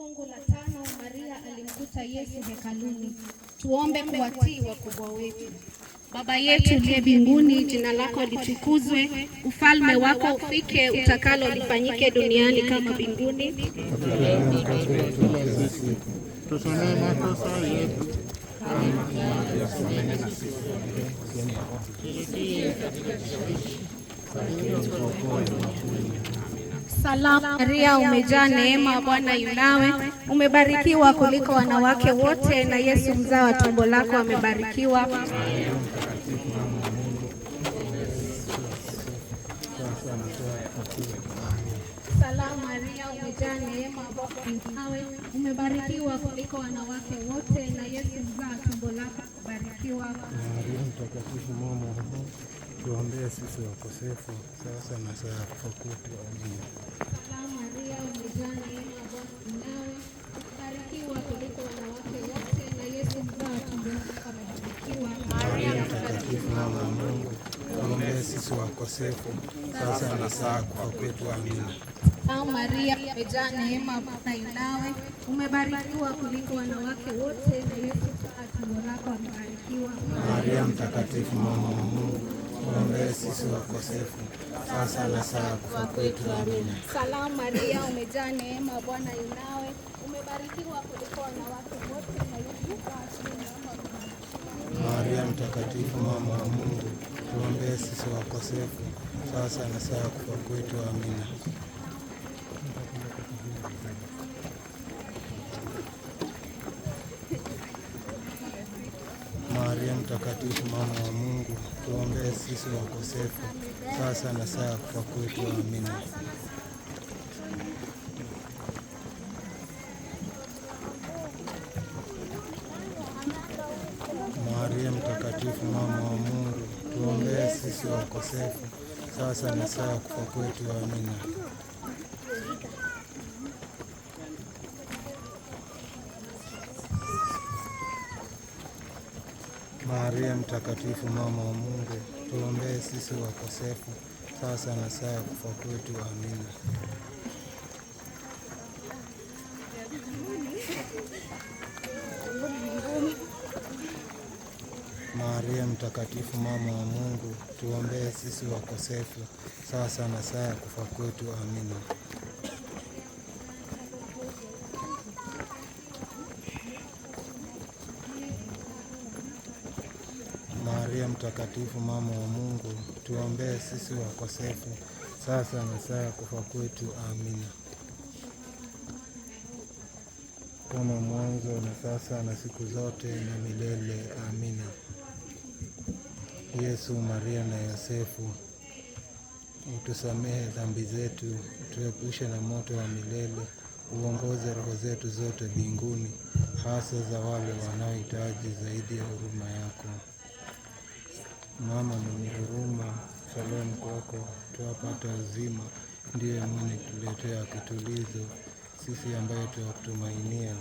Fungu la tano, Maria alimkuta Yesu hekaluni. Tuombe kuwatii wakubwa wetu. Baba yetu uliye mbinguni, jina lako litukuzwe, ufalme wako ufike, utakalo lifanyike duniani kama mbinguni. Salamu Maria, umejaa neema, Bwana yunawe, umebarikiwa kuliko wanawake wote, na Yesu mzao wa tumbo lako amebarikiwa. Salamu Maria, umejaa neema, Bwana yunawe, umebarikiwa kuliko wanawake wote, na Yesu mzao wa tumbo lako amebarikiwa tuombee sisi wakosefu sasa na saa kufa kwetu. Amina. Maria mtakatifu, mama Mungu, tuombee sisi wakosefu sasa na saa ya kufa kwetu. Amina. Maria umejaa neema, Bwana nawe, umebarikiwa kuliko wanawake wote, na Yesu mzao wa tumbo lako amebarikiwa. Maria mtakatifu, mama wa Mungu Tuombee sisi wakosefu sasa na saa kufa kwetu. Amina. Salamu Maria, umejaa neema, Bwana yu nawe, umebarikiwa kuliko wanawake wote na Maria mtakatifu, mama wa Mungu, tuombee sisi wakosefu sasa na saa kufa kwetu. Amina. Mtakatifu, mama wa Mungu, tuombee sisi wakosefu, sasa na saa ya kufa kwetu. Amina. Maria Mtakatifu, mama wa Mungu, tuombee sisi wakosefu, sasa na saa ya kufa kwetu. Amina. Maria Mtakatifu, mama wa Mungu, tuombee sisi wakosefu, sasa na saa ya kufa kwetu. Amina. Maria Mtakatifu, mama wa Mungu, tuombee sisi wakosefu, sasa na saa ya kufa kwetu. Amina. Mtakatifu, mama wa Mungu, tuombee sisi wakosefu, sasa na saa ya kufa kwetu. Amina. Kama mwanzo na sasa na siku zote na milele. Amina. Yesu, Maria na Yosefu, utusamehe dhambi zetu, tuepushe na moto wa milele, uongoze roho zetu zote binguni hasa za wale wanaohitaji zaidi ya huruma yako. Mama mwenye huruma, saloni kwako twapata uzima, ndiye mwenye kutuletea kitulizo sisi ambaye twakutumainia.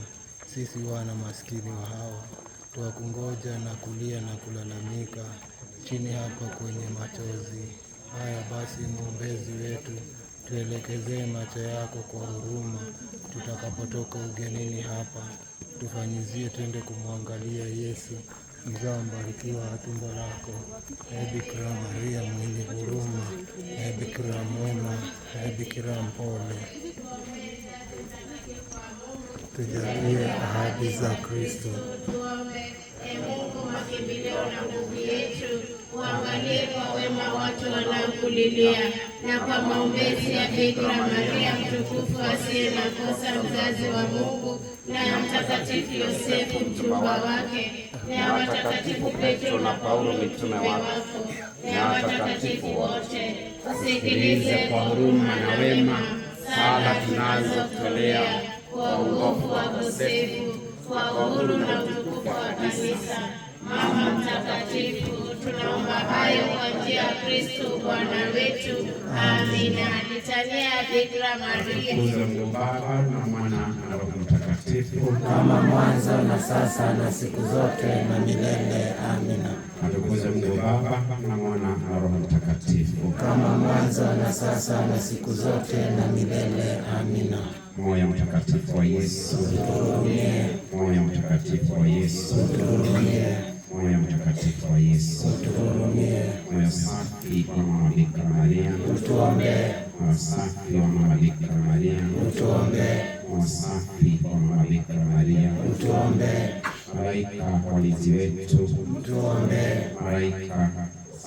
Sisi wana maskini wa hawa twakungoja na kulia na kulalamika chini hapa kwenye machozi haya. Basi mwombezi wetu, tuelekezee macho yako kwa huruma, tutakapotoka ugenini hapa tufanyizie, twende kumwangalia Yesu mzao mbarikiwa wa tumbo lako, ee Bikira Maria mwenye huruma, ee Bikira mwema, ee Bikira mpole, tujalie ahadi za Kristo wake na nguvu yetu, uangalie kwa wema watu wanaokulilia, na kwa maombezi ya Bikira Maria mtukufu asiye na kosa, mzazi wa Mungu, na Mtakatifu Yosefu mchumba wake, na watakatifu Petro na Paulo mitume wako, na watakatifu wote, usikilize kwa huruma na wema sala tunazotolea kwa uovu wa kosefu kwa uhuru na utukufu wa kanisa Mama Mtakatifu, tunaomba hayo kwa njia ya Kristo Bwana wetu. Amina. Litania ya Bikira Maria. Tukuza Mungu Baba na Mwana na Roho Mtakatifu, kama mwanzo na sasa na siku zote na milele. Amina. Atukuzwe Mungu Baba na Mwana na Roho Mtakatifu, kama mwanzo na sasa na siku zote na milele. Amina. Moyo Mtakatifu wa Yesu, tuhurumie. Moyo Mtakatifu wa Yesu, tuhurumie moyo mtakatifu wa Yesu, utuhurumie. Moyo safi wa mama Bikira Maria, utuombee. Moyo safi wa mama Bikira Maria, utuombee. Moyo safi wa mama Bikira Maria, utuombee. Malaika walinzi wetu, utuombee. Malaika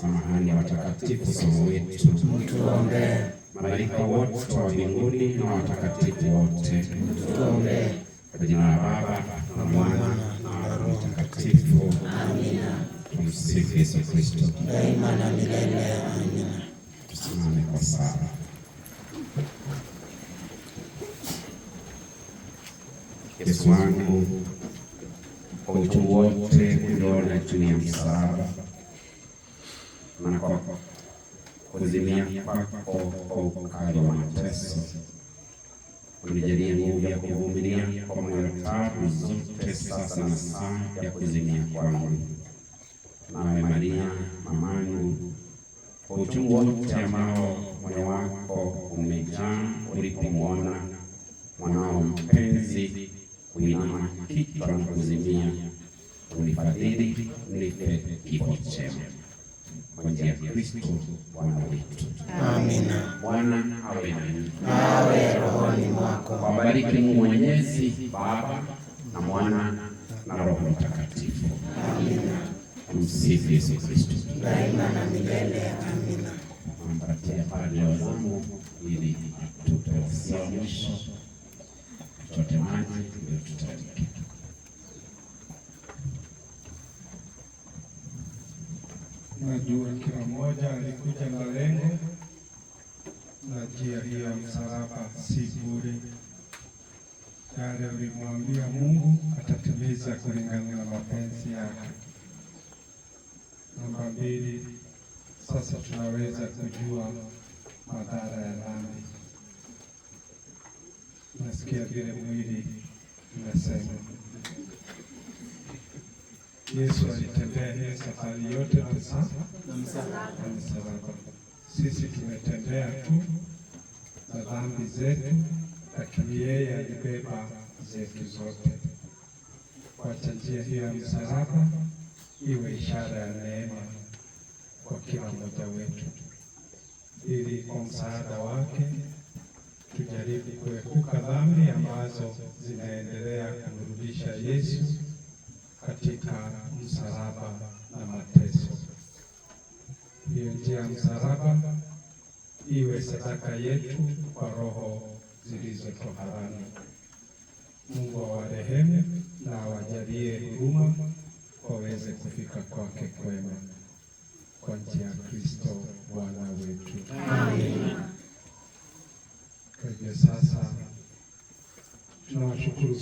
samahani ya watakatifu somo wetu, utuombee. Malaika wote wa mbinguni na watakatifu wote, utuombee. Kwa jina la Baba na Mwana Tumsifu Yesu Kristo daima na milele. Amina. Tusimame kwa sala. Yesu wangu kwa utu wote uliona juu ya msalaba na kwa kuzimia kwako kwa ukali wa mateso unijalie nguvu ya kuvumilia kwa moyo taabu zote, sasa na saa ya kuzimia kwangu Mama Maria mamangu, kwa uchungu wote ambao moyo wako umejaa ulipomwona mwanao mpenzi kuinama kichwa na kuzimia, unifadhili nipe kifo chema kwa njia ya Kristo Bwana wetu. Amina. Bwana awe nanyi, awe rohoni mwako. Wabariki Mungu Mwenyezi, Baba na Mwana na Roho Mtakatifu. Tumsifu Yesu Kristo, daima na milele. Amina. ili maji Najua kila mmoja alikuja na lengo na njia hiyo ya msalaba si bure. Yale ulimwambia Mungu atatimiza kulingana na mapenzi mbili, sasa tunaweza kujua madhara ya dhambi. Nasikia vile mwili unasema. Yesu alitembea hiyo safari yote na msalaba. Sisi tumetembea tu na dhambi zetu, lakini yeye alibeba zetu zote. Wacha njia hiyo ya msalaba iwe ishara ya neema kwa kila mmoja wetu, ili kwa msaada wake tujaribu kuepuka dhambi ambazo zinaendelea kumrudisha Yesu katika msalaba na mateso. Hiyo njia ya msalaba iwe sadaka yetu kwa roho zilizo toharani. Mungu awarehemu na awajalie huruma waweze kufika kwake kwema.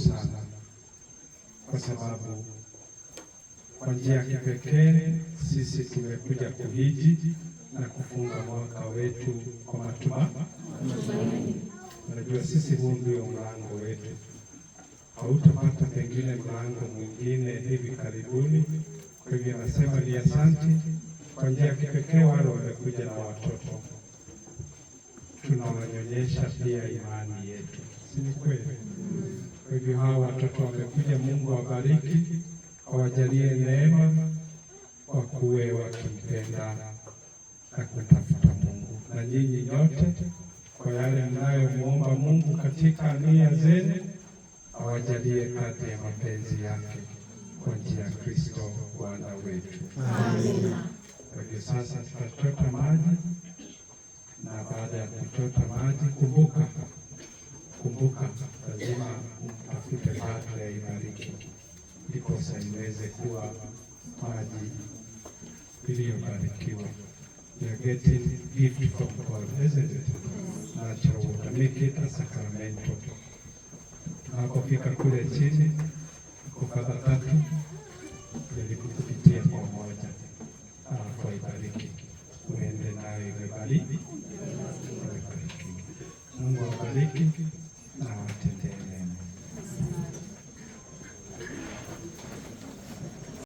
sana, kwa sababu kwa njia ya kipekee sisi tumekuja kuhiji na kufunga mwaka wetu kwa matumaini. Unajua, sisi huu ndio mlango wetu, hautapata pengine mlango mwingine hivi karibuni. Kwa hivyo nasema ni asante kwa njia ya kipekee wale wamekuja na watoto, tunawanyonyesha pia imani yetu, si kweli? Kwa hivyo hawa watoto wamekuja, Mungu awabariki, awajalie neema, kwa kuwe wakimpenda na kumtafuta Mungu. Na nyinyi nyote kwa yale mnayomwomba Mungu katika nia zenu, awajalie kati ya mapenzi yake kwa njia ya Kristo Bwana wetu. Amina. Kwa hivyo sasa tutachota maji, na baada ya kuchota maji, kumbuka kumbuka lazima Tunataka ibariki ndiposa iweze kuwa maji iliyobarikiwa. We are getting gift from God, isn't it? Natural water, make it a sacramental. Tunapofika kule chini kukadha tatu ilikupitia kwa moja, kwa ibariki uende nayo imebali